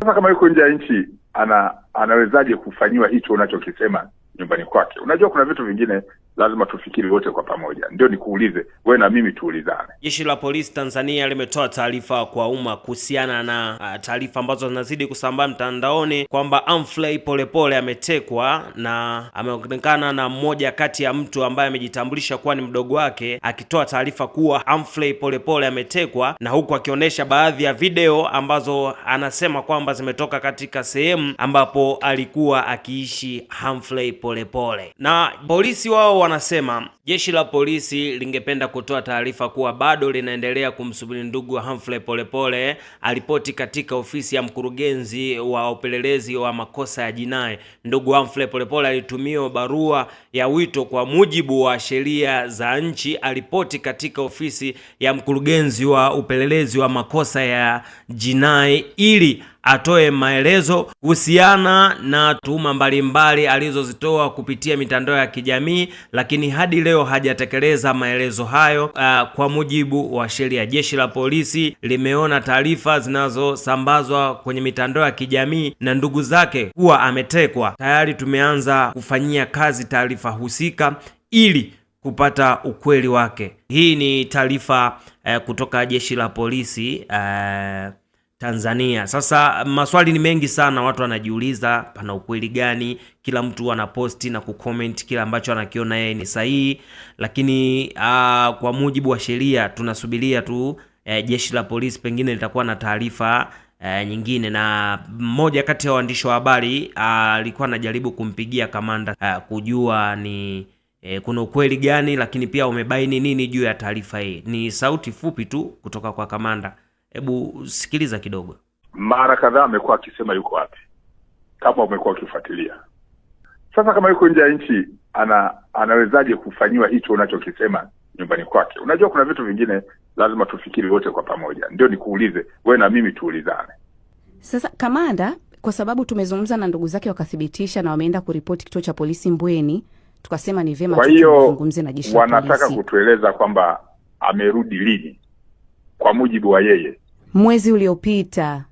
Sasa kama yuko nje ya nchi, ana- anawezaje kufanyiwa hicho unachokisema nyumbani kwake? Unajua kuna vitu vingine lazima tufikiri wote kwa pamoja. Ndio nikuulize we na mimi tuulizane. Jeshi la polisi Tanzania limetoa taarifa kwa umma kuhusiana na uh, taarifa ambazo zinazidi kusambaa mtandaoni kwamba Humphrey Polepole ametekwa na ameonekana na mmoja kati ya mtu ambaye amejitambulisha kuwa ni mdogo wake akitoa taarifa kuwa Humphrey Polepole ametekwa, na huku akionyesha baadhi ya video ambazo anasema kwamba zimetoka katika sehemu ambapo alikuwa akiishi Humphrey Polepole, na polisi wao wanasema jeshi la polisi lingependa kutoa taarifa kuwa bado linaendelea kumsubiri ndugu Humphrey Polepole alipoti katika ofisi ya mkurugenzi wa upelelezi wa makosa ya jinai. Ndugu Humphrey Polepole alitumia barua ya wito kwa mujibu wa sheria za nchi, alipoti katika ofisi ya mkurugenzi wa upelelezi wa makosa ya jinai ili atoe maelezo kuhusiana na tuhuma mbalimbali alizozitoa kupitia mitandao ya kijamii, lakini hadi leo hajatekeleza maelezo hayo. Uh, kwa mujibu wa sheria, jeshi la polisi limeona taarifa zinazosambazwa kwenye mitandao ya kijamii na ndugu zake kuwa ametekwa. Tayari tumeanza kufanyia kazi taarifa husika ili kupata ukweli wake. Hii ni taarifa uh, kutoka jeshi la polisi uh, Tanzania. Sasa maswali ni mengi sana, watu wanajiuliza pana ukweli gani? Kila mtu anaposti na kucomment kila ambacho anakiona yeye ni sahihi, lakini aa, ah, kwa mujibu wa sheria tunasubiria tu e, jeshi la polisi pengine litakuwa na taarifa e, nyingine. Na mmoja kati ya waandishi wa habari ah, alikuwa anajaribu kumpigia kamanda a, ah, kujua ni e, kuna ukweli gani, lakini pia umebaini nini juu ya taarifa hii. Ni sauti fupi tu kutoka kwa kamanda. Hebu sikiliza kidogo. Mara kadhaa amekuwa akisema yuko wapi, kama umekuwa ukifuatilia. Sasa kama yuko nje ya nchi, ana- anawezaje kufanyiwa hicho unachokisema nyumbani kwake? Unajua, kuna vitu vingine lazima tufikiri wote kwa pamoja. Ndio nikuulize wewe na mimi tuulizane sasa, kamanda, kwa sababu tumezungumza na ndugu zake wakathibitisha, na wameenda kuripoti kituo cha polisi Mbweni, tukasema ni vyema tuzungumze hiyo na jeshi wanataka kutueleza kwamba amerudi lini kwa mujibu wa yeye mwezi uliopita.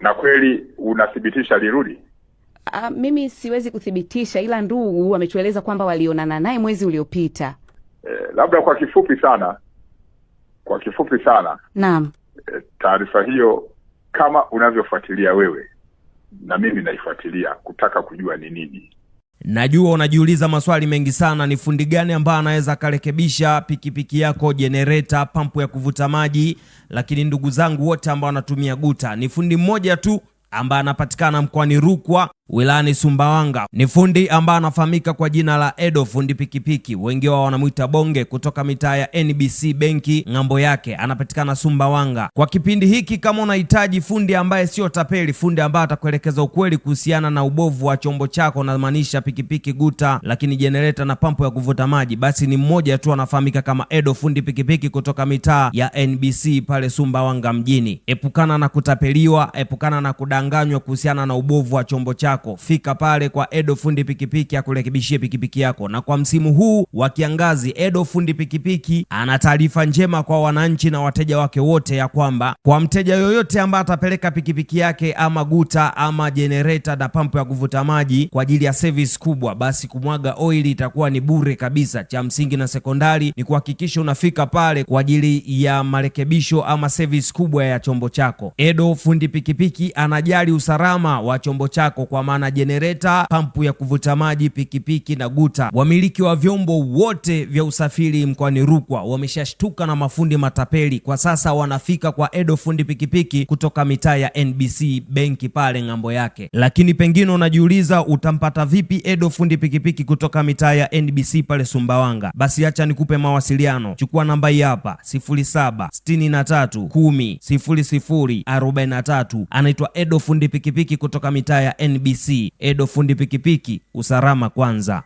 Na kweli unathibitisha alirudi? A, ah, mimi siwezi kuthibitisha, ila ndugu ametueleza kwamba walionana naye mwezi uliopita. E, labda kwa kifupi sana, kwa kifupi sana. Naam. E, taarifa hiyo kama unavyofuatilia wewe na mimi naifuatilia kutaka kujua ni nini Najua unajiuliza maswali mengi sana, ni fundi gani ambaye anaweza akarekebisha pikipiki yako, jenereta, pampu ya kuvuta maji? Lakini ndugu zangu wote ambao wanatumia guta, ni fundi mmoja tu ambaye anapatikana mkoani Rukwa, wilayani Sumbawanga. Ni fundi ambaye anafahamika kwa jina la Edo fundi pikipiki, wengi wao wanamwita Bonge, kutoka mitaa ya NBC benki ng'ambo yake, anapatikana Sumbawanga. Kwa kipindi hiki, kama unahitaji fundi ambaye sio tapeli, fundi ambaye atakuelekeza ukweli kuhusiana na ubovu wa chombo chako, namaanisha pikipiki, guta, lakini jenereta na pampu ya kuvuta maji, basi ni mmoja tu anafahamika kama Edo fundi pikipiki kutoka mitaa ya NBC pale Sumbawanga mjini. Epukana na kutapeliwa, epukana na kudanganywa kuhusiana na ubovu wa chombo chako yako, fika pale kwa Edo fundi pikipiki akurekebishie pikipiki yako. Na kwa msimu huu wa kiangazi, Edo fundi pikipiki ana taarifa njema kwa wananchi na wateja wake wote, ya kwamba kwa mteja yoyote ambaye atapeleka pikipiki yake ama guta ama jenereta na pampu ya kuvuta maji kwa ajili ya service kubwa, basi kumwaga oili itakuwa ni bure kabisa. Cha msingi na sekondari ni kuhakikisha unafika pale kwa ajili ya marekebisho ama service kubwa ya chombo chako. Edo fundi pikipiki anajali usalama wa chombo chako kwa maana jenereta, pampu ya kuvuta maji, pikipiki na guta. Wamiliki wa vyombo wote vya usafiri mkoani Rukwa wameshashtuka na mafundi matapeli. Kwa sasa wanafika kwa Edo fundi pikipiki kutoka mitaa ya NBC benki pale ng'ambo yake. Lakini pengine unajiuliza utampata vipi Edo fundi pikipiki kutoka mitaa ya NBC pale Sumbawanga? Basi acha nikupe mawasiliano, chukua namba hii hapa 0763100043. Anaitwa Edo fundi pikipiki kutoka mitaa ya NBC TBC, Edo fundi pikipiki, usalama kwanza.